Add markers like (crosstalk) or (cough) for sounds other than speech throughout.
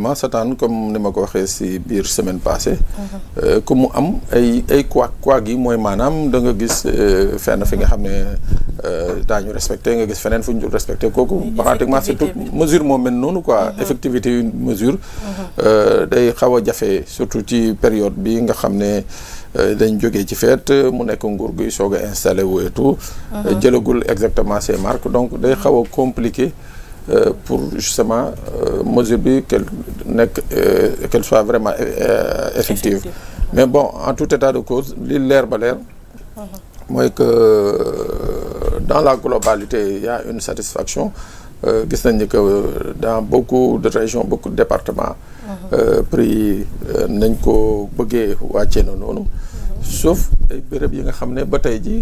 gouvernement satan comme ni ma ko waxee si biir semaine passée. Mhm. Euh, ku mu am ay ay kuwaag kuwaag yi mooy maanaam da nga gis euh, fen fi nga xam ne euh, daañu respecté nga gis feneen fu ñu respecté kooku. pratiquement c'est toute mesure moo mel noonu quoi. Mhm. effectivité une mesure. Mhm. day xaw a jafe surtout ci période bi nga xam ne. dañ jógee ci feet mu nekk nguur guy soog a installé wu et tout. jëlagul exactement ces marques donc day xaw a compliqué pour justement mesure bi quel nekk euh, qu'elle soit vraiment euh, euh, effective mais bon en tout état de cause li leer ba leer uh-huh. mooy que dans la globalité il y a une satisfaction gis nañ ni dans beaucoup de régions beaucoup de départements uh-huh. nañ ko bëggee wàccee na noonu uh-huh. sauf ay béréb yi nga xam ne ba tey ji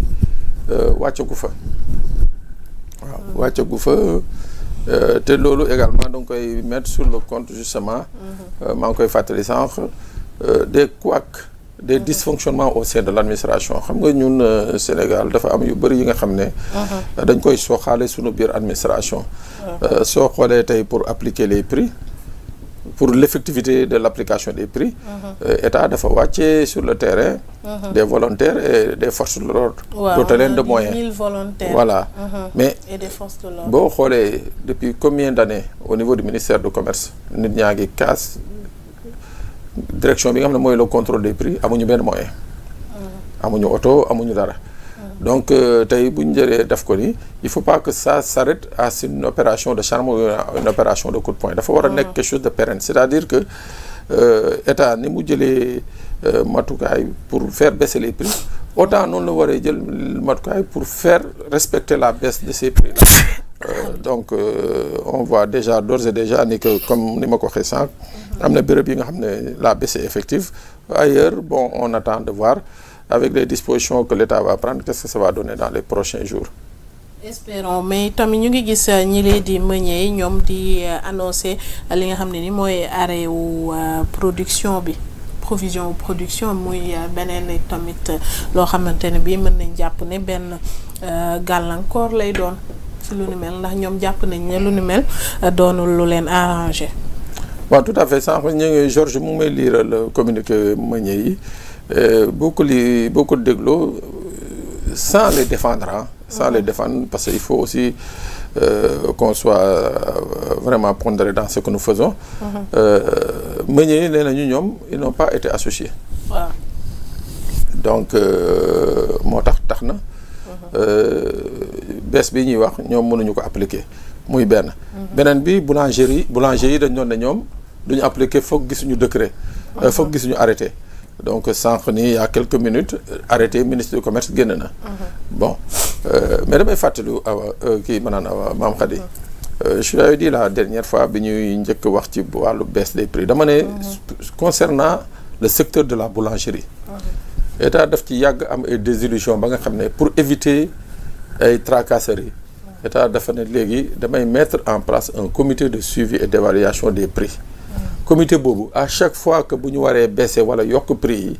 wàccagu fa waaw wàccagu fa Euh, te loolu également danga koy mettre sur le compte justement mm-hmm. euh, maa ngi koy fàttali sànq euh, des couacs des mm-hmm. dysfonctionnements au sein de l'administration xam nga ñun Sénégal dafa am yu bëri yi nga xam ne mm-hmm. dañ koy sooxaale sunu biir administration soo xoolee tey pour appliquer les prix pour l'effectivité de l'application des prix mhm. euh, état dafa wàcce sur le terrain mhm. des volontaires et des forces de l'ordre doota de moyens voilà mhm. mais boo xoolee depuis combien d'années au niveau du ministère du commerce nit ñaa ngi casse direction bi nga xam ne mooy le contrôle des prix amuñu benn moyen amuñu oto amuñu dara donc euh, tey bu ñu jëlee def ko ni il faut pas que ça s'arrête à une opération de charme ou une opération de coup de poing dafa war a nekk ah. quelque chose de pérenne c'est-à-dire que euh, état ni mu jëlee euh, matukaay pour fair baisser les prix autant noonu la waree jël matukaay pour fair respecter la baisse de ces prix là (laughs) donc euh, on voit déjà d'ores et déjà ni que comme ni ma ko waxee sànq am na béréb yi nga xam ne la baisse est effective ailleurs bon on attend de voir avec les dispositions que l'État va prendre qu'est-ce que ça va donner dans les prochains jours espérons mais tamit ñu ngi gis euh, ñi lee di meññee yi ñoom di euh, annoncer li nga xam ne ni mooy arrêt wu euh, production bi provision production muy beneen tamit loo xamante ne bii mën nañ jàpp ne benn gàllankoor lay doon ci lu ni mel ndax ñoom jàpp nañ ne lu ni mel doonul lu leen arrangé waaw tout à fait sànq ñu ngi Georges mu ngi may liiral communiqué meññee yi Euh, boo ko li boo ko dégloo sans les défendre sans les défendre parce que il faut aussi euh, qu'on soit euh, vraiment pondéré dans ce que nous faisons mhm. euh, meunier yi nee ñoom ils n'ont pas été associés donc moo tax tax na mhm. bees bi ñuy wax ñoom mënuñu ko appliquer muy benn mhm. beneen bi boulangerie boulanger yi dañ doon ne ñoom duñu appliquer foog gisuñu décret foog gisuñu arrêté donc sànq nii y a quelques minutes arrêté ministre du commerce génn na. Mhm. bon euh, mais damay fàttali awa euh, kii ma naan awa maam Khady. Mhm. Euh, je l'avais dit la dernière fois bi ñuy njëkk wax ci wàllu baisse des prix dama ne. Mhm. concernant le secteur de la boulangerie. état daf ci yàgg am ay désillusion ba nga xam ne pour éviter ay tracasseries. état dafa ne léegi damay mettre en place un commité de suivi et d'évaluation des prix. commité boobu à chaque fois que bu ñu waree baisser wala yokk prix yi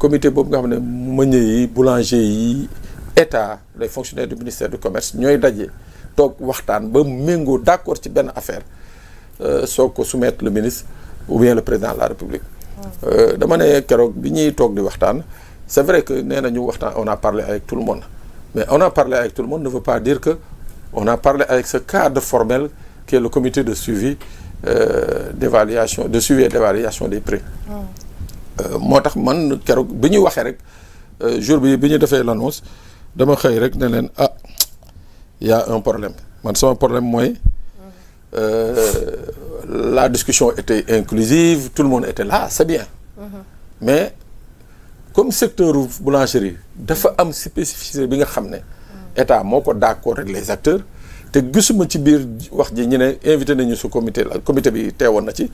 comité boobu nga xam ne meunier yi boulanger yi état les fonctionnaires du ministère du commerce ñooy daje toog waxtaan ba méngoo d'accord ci benn affaire euh, soo ko soumettre le ministre ou bien le président de la république. Euh, dama ne keroog bi ñuy toog di waxtaan c'est vrai que nee nañu waxtaan on a parlé avec tout le monde mais on a parlé avec tout le monde ne veut pas dire que on a parlé avec ce cadre formel de suivi. Euh, d'évaluation de suivi et d'évaluation des prix. Hmm. Euh, moo tax man keroog bi ñu waxee rek euh, jour bi bi ñu defee l'annonce dama xëy rek ne leen ah y a un problème man sama problème mooy hmm. la discussion était inclusive tout le monde était là c'est bien hmm. mais comme secteur boulangerie dafa am spécificité bi nga xam ne état moo ko d'accord ak les acteurs te gisuma ci biir wax ji ñu ne invité nañu su comité la comité bi teewoon na ci.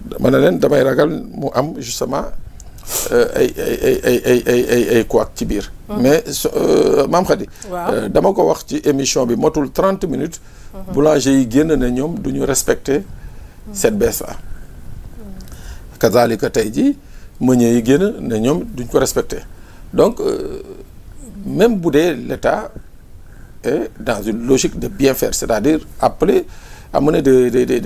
dama mhm. ne leen damay ragal mu am justement euh, ay ay ay ay ay ci biir. Mhm. mais euh, maam Khady. Euh, dama ko wax ci émission bi motul trente minutes. Mhm. boulanger yi génn na ñoom du ñu respecter cette baisse là. kazaalika tey jii meunier yi génn na ñoom duñ ko respecter donc même bu dee l' est dans une logique de bien faire, c'est-à-dire appeler à mener des, des, des,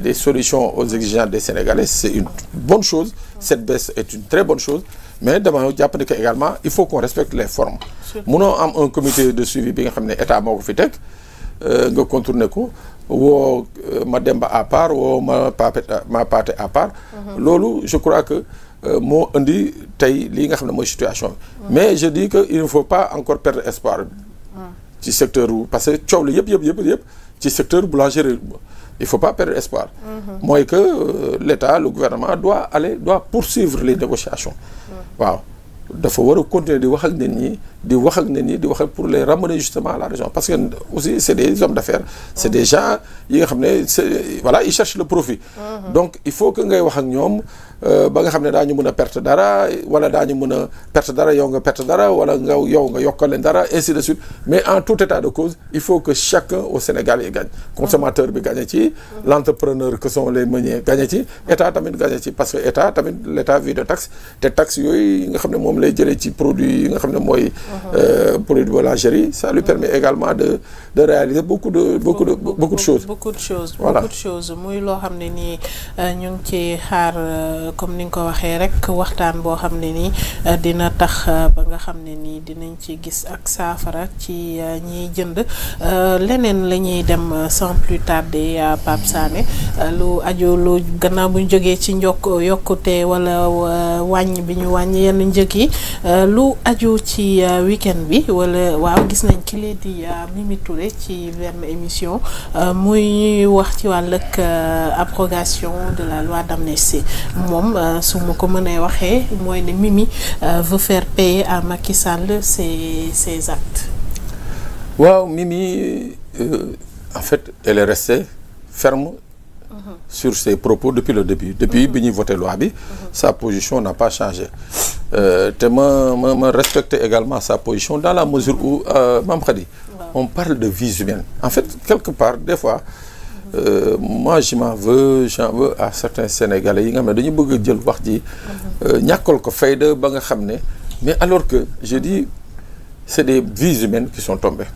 des, solutions aux exigences des Sénégalais. C'est une bonne chose. Cette baisse est une très bonne chose. Mais dama jàpp ne que également il faut qu'on respecte les formes. munoo am un comité de suivi bi nga xam ne état moo ko fi teg euh, nga contourner ko woo euh, ma Demba à part woo ma Pape à part. Mhm. loolu je crois que euh, moo indi tey lii nga xam ne mooy situation mais je dis que il ne faut pas encore perdre ci secteur wu parce que coow la yëpp yëpp yëpp yëpp ci secteur boulangerie il faut pas perdre espoir. Mm-hmm. mooy que euh, l'État le gouvernement doit aller doit poursuivre les négociations. Mm-hmm. waaw dafa war a continuer di wax ak nit ñi. di wax ak nit ñi di wax ak pour les ramener justement à la région parce que aussi c' est des hommes d' affaires c' est yi nga xam ne c' voilà ils cherchent le profit mm-hmm. donc il faut que ngay wax ak ñoom euh, ba nga xam ne daañu mën a perte dara wala daañu mën a perte dara yow nga perte dara wala nga yow nga yokkal dara ainsi de suite mais en tout état de cause il faut que chacun au Sénégal yi gagne consommateur bi gagne ci mm-hmm. l' entrepreneur que sont tamit gagne ci parce que état tamit l' état vit de taxes te taxes yooyu nga xam ne moom lay jëlee ci produit yi nga xam ne mooy euh, produits de boulangerie ça lui permet également de de réaliser beaucoup de beaucoup de beaucoup beaucoup de choses muy loo xam ne nii euh, ñu ngi ci xaar euh, comme ni nga ko waxee rek waxtaan boo xam ne nii euh, dina tax ba nga xam ne nii dinañ ci gis ak saafara ci ñiy jënd leneen la ñuy dem sans plus tarder Pape Sané lu aju lu gannaaw bu ñu ci njokk yokkute wala wàññ bi ñu wàññi yenn njëg yi lu aju ci. weekend bi wala waaw gis nañ ki lee di euh, Mimi Touré ci benn émission euh, muy wax ci wàllug euh, abrogation de la loi d'amnistie moom su ma ko mënee waxee mooy ne Mimi veut faire payer à Macky Sall ses ses actes. waaw Mimi en fait elle est ferme Mm-hmm. sur ses propos depuis le début depuis mm-hmm. bi ñuy voté loi bi mm-hmm. sa position n'a pas changé euh, te ma ma ma respecte également sa position dans la mesure où euh, Mame Khady on parle de vies humaines en fait quelque part des fois Euh, moi je m'en veux j'en à certains sénégalais yi nga xam ne dañu bëgg jël wax ji euh, ñàkkal ko fayda ba nga xam ne mais alors que je dis c'est des vies humaines qui sont tombées.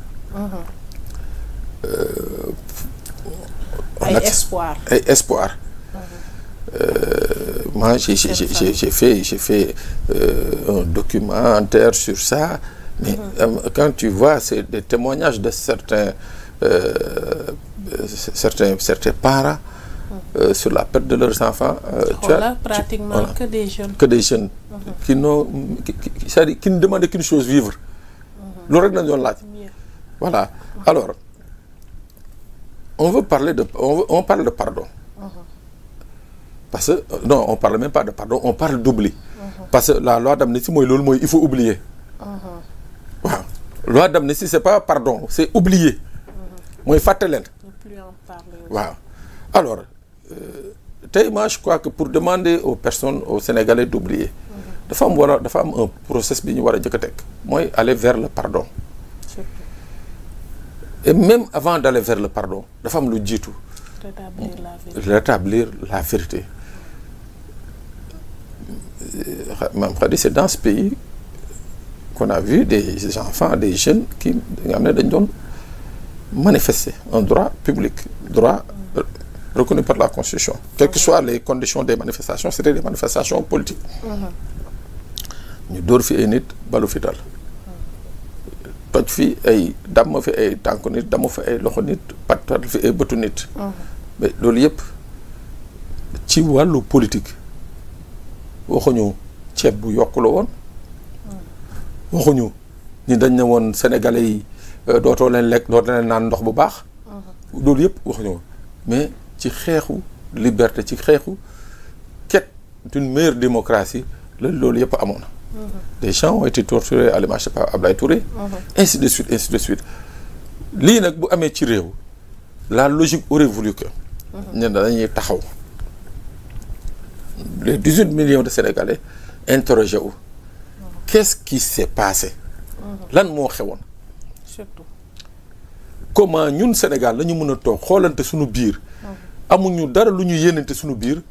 espoir ay espoir euh, euh, moi j'ai j'ai j'ai j'ai fait j'ai fait euh, un documentaire sur ça mais mm-hmm. euh, quand tu vois c'est des témoignages de certains certains certains parents mm-hmm. sur la perte de leurs enfants tu oh as pratiquement tu, voilà, que des jeunes mm-hmm. qui n'ont cest qu'une chose vivre loolu rek lañ doon voilà on veut parler de on, veut, on parle de pardon. Uh-huh. parce que euh, non on parle même pas de pardon on parle d'oubli. Uh-huh. parce que la loi d'amnistie mooy loolu mooy il faut oublier. Uh-huh. waaw loi d'amnistie c'est pas pardon c'est oublier. mooy fàtte leen. waaw alors euh, tey euh, je crois que pour demander aux personnes aux Sénégalais d'oublier. dafa am war a dafa am un process bi ñu war a jëkk a teg mooy aller vers le pardon. et même avant d'aller vers le pardon dafa am lu jiitu rétablir la vérité euh, maam xadi c'est dans ce pays kon a vu des enfants des jeunes qui nga xam ne dañ doon manifester un droit public droit reconnu par la constitution quelles que soient les conditions des manifestations c'était des manifestations politiques mhm. ñu dóor fi ay nit balu fi dal toj fi ay damm fi ay tànku nit damm fi ay loxo nit pattal fi ay bëtu nit loolu yëpp ci wàllu politique waxuñu ceeb bu yokk la woon waxuñu ni dañ ne woon sénégalais yi euh, dootoo leen lekk dootoo leen naan ndox bu baax loolu yëpp waxuñu woon mais ci xeexu liberté ci xeexu quête d'une meilleure démocratie la loolu yëpp amoon des gens ont été torturés à l'image de Ablaye Touré. Mhm. ainsi de suite ainsi de suite. lii nag bu amee ci réew la logique aurait voulu que. Mhm. ne dañuy taxaw les dix huit millions de sénégalais interrogé wu. qu'est-ce qui s'est passé. Mhm. lan moo xewoon. comment ñun Sénégal la ñu mën a toog xoolante sunu biir. amuñu dara lu ñu yéenante suñu biir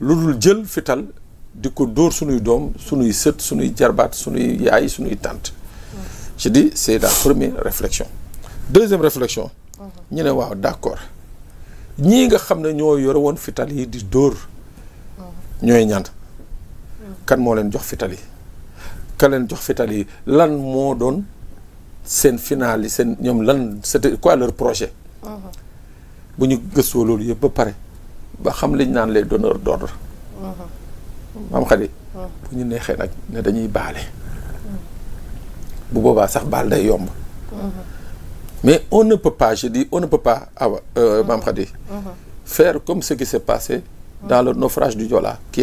lu dul jël fital di ko dóor suñuy doom suñuy sët suñuy jarbaat suñuy yaay suñuy tànt mm. je dis c'est la première réflexion deuxième réflexion mm-hmm. ñu ne waaw d'accord ñii nga xam ne ñoo yore woon fital yi di dóor mm-hmm. ñooy ñan mm. kan moo leen jox fital yi kan leen jox fital yi lan moo doon seen finaal yi seen ñoom lan c'était quoi leur projet mm-hmm. bu ñu gëstoo loolu yëpp ba pare ba xam liñ naan les donneurs d'ordre maam xadi bu ñu neexee nag ne dañuy baale bu boobaa sax baal day yomb mais on ne peut pas je on ne peut pas awa ah euh, maam xadi faire comme ce qui s'est passé dans le naufrage du Joola qui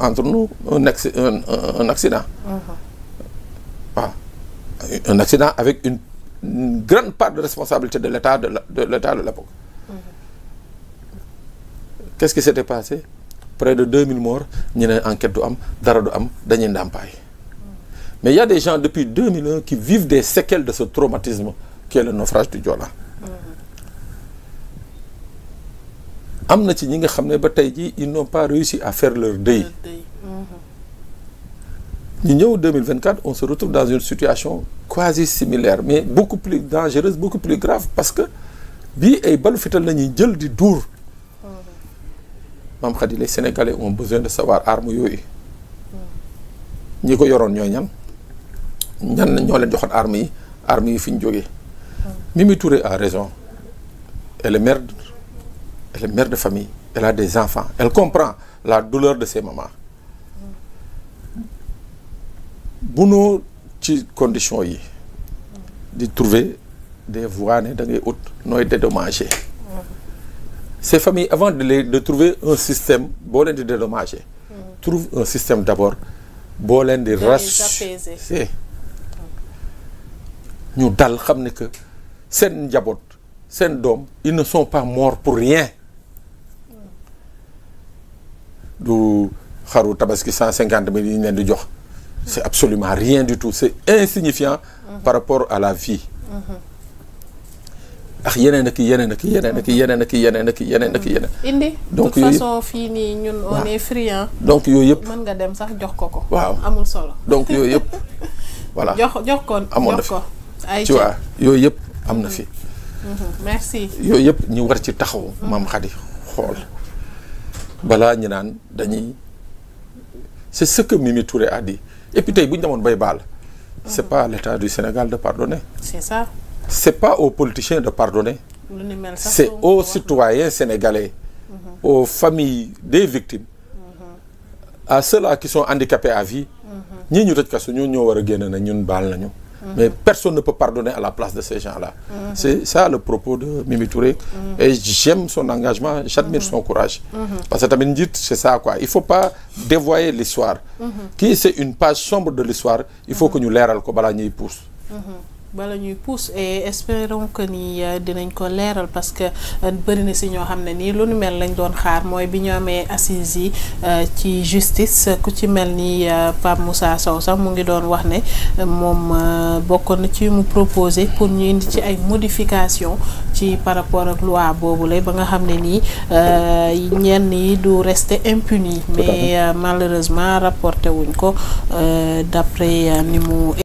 entre nous un accident waaw un accident avec une, grande part de responsabilité de l'État de l'État de l'époque qu'est-ce qui s'était passé près de 2000 morts ñu ne enquête du am dara du am dañuy ndàmpaay mais il y a des gens depuis 2001 qui vivent des séquelles de ce traumatisme qui est le naufrage du Joola am na ci ñi nga xam ne ba tey jii ils n'ont pas réussi à faire leur deuil ñu ñëw 2024 on se retrouve dans une situation quasi similaire mais beaucoup plus dangereuse beaucoup plus grave parce que bi ay balu fital la jël di duur maam Khady les Sénégalais ont besoin de savoir arme yooyu ñi ko yoroon ñooy ñan ñan ñoo leen joxoon arme yi arme yi fi ñu jógee. Mimi Touré a raison elle est mère elle de famille elle a des enfants elle comprend la douleur de ses mamans bu nu ci condition yi di trouver des voies ne da ut nooy dédommager. ces famille avant de les de trouver un système boo leen di dédommager. Hmm. trouve un système d'abord boo leen di. rassé ñu dal xam ne que seen njaboot seen doom ils ne sont pas morts pour rien. Hmm. du xaru tabaski cent cinquante mille yi ñu leen di jox. c'est hmm. absolument rien du tout c'est insignifiant. par rapport à la vie. ak yeneen ak yeneen ak yeneen ak yeneen ak yeneen ak yeneen ak yeneen. Mm-hmm. indi donc yooyu façon fii nii ñun on est friand. donc yooyu yëpp mën nga dem sax jox ko ko. waaw amul solo. donc yooyu yëpp (laughs) voilà jox jox ko amoon na fi ay tu vois yooyu yëpp am na fi. Mm-hmm. Mm-hmm. merci. yooyu yëpp ñu war ci taxaw. maam Khady xool balaa ñu naan dañuy c'est ce que Mimi Touré a dit et puis tey bu ñu demoon bay baal. c'est pas l'état du Sénégal de pardonner. c'est ça. c'est pas aux politiciens de pardonner c'est aux citoyens sénégalais mhm. aux familles des victimes mhm. à ceux-là qui sont handicapés à vie mhm. ñii ñu tëj kaso ñoo ñoo war a génn na ñun baal nañu mais personne ne peut pardonner à la place de ces gens-là c'est ça le propos de Mimi et j'aime son engagement j'admire son courage parce que tamit njiit c'est ça quoi il faut pas dévoyer l'histoire kii c'est une page sombre de l'histoire il faut que ñu leeral ko balaa ñuy pousse bala ñuy pousse et espérons nii euh, dinañ ko leeral parce que euh, bëri na si ñoo xam ne nii lu nu mel lañ doon xaar mooy bi ñu amee assises yi euh, ci justice ku ci mel ni Pape Moussa Sow sax mu ngi doon wax ne moom bokkoon na ci mu proposé pour ñu indi ci ay modification ci par rapport ak loi boobu lay ba nga xam ne nii ñenn yi du rester impuni mais malheureusement rapporté wuñ ko d'après ni mu